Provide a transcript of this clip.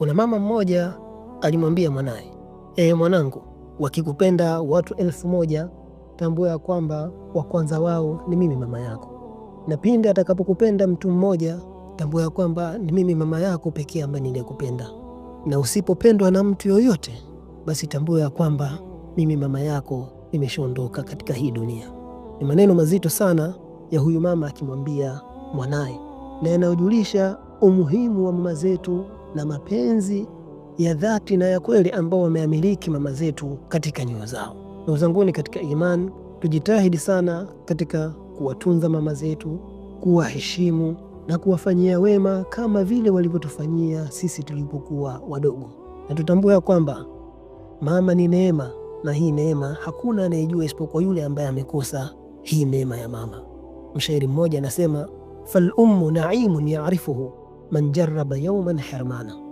Kuna mama mmoja alimwambia mwanaye, e, mwanangu, wakikupenda watu elfu moja tambua ya kwamba wa kwanza wao ni mimi mama yako, na pindi atakapokupenda mtu mmoja tambua ya kwamba ni mimi mama yako pekee ambaye niliyekupenda. na usipopendwa na mtu yoyote, basi tambua ya kwamba mimi mama yako nimeshaondoka katika hii dunia. Ni maneno mazito sana ya huyu mama akimwambia mwanaye, na yanayojulisha umuhimu wa mama zetu na mapenzi ya dhati na ya kweli ambao wameamiliki mama zetu katika nyoyo zao. Ndugu zanguni katika imani, tujitahidi sana katika kuwatunza mama zetu, kuwaheshimu na kuwafanyia wema kama vile walivyotufanyia sisi tulipokuwa wadogo, na tutambua kwamba mama ni neema, na hii neema hakuna anayejua isipokuwa yule ambaye amekosa hii neema ya mama. Mshairi mmoja anasema, fal ummu naimun yarifuhu من جرب يوما حرمانه